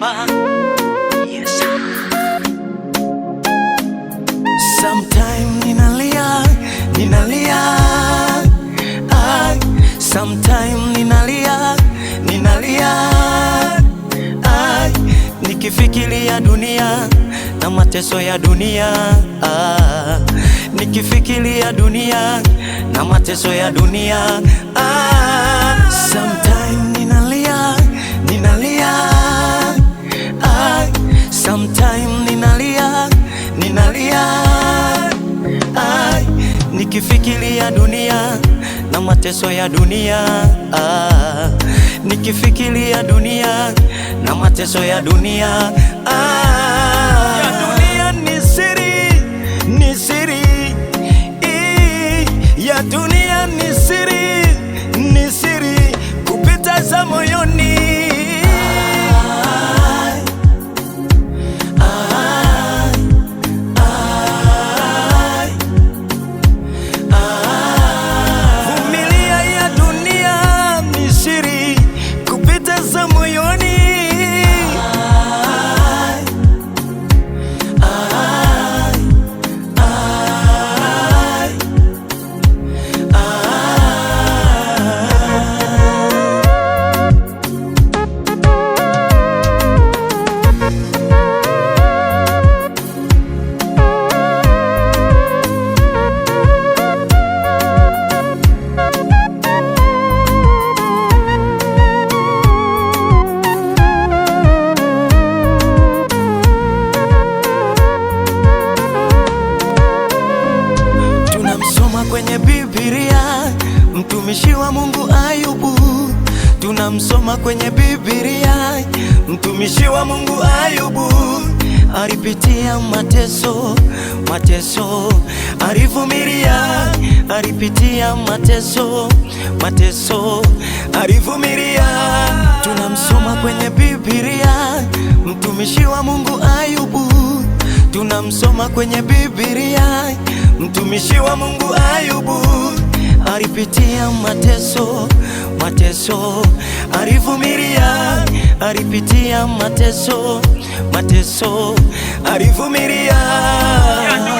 kwamba yes. Sometime ninalia ninalia, ah, sometime ninalia ninalia, ah, nikifikiria dunia na mateso ya dunia ah, nikifikiria dunia na mateso ya dunia ah, sometime Nikifikiria dunia na mateso ya dunia ah, nikifikiria dunia na mateso ya dunia ah, ya dunia ni siri, ni siri ya dunia ni siri, ni siri kupita za moyoni Biblia, mtumishi wa Mungu Ayubu, tunamsoma kwenye Biblia, mtumishi wa Mungu Ayubu alipitia mateso, mateso alivumilia, alipitia mateso, mateso alivumilia. Tunamsoma kwenye Biblia, mtumishi wa Mungu Ayubu, tunamsoma kwenye Biblia, mtumishi wa Mungu Ayubu mateso, mateso, alivumilia, alipitia mateso, mateso, alivumilia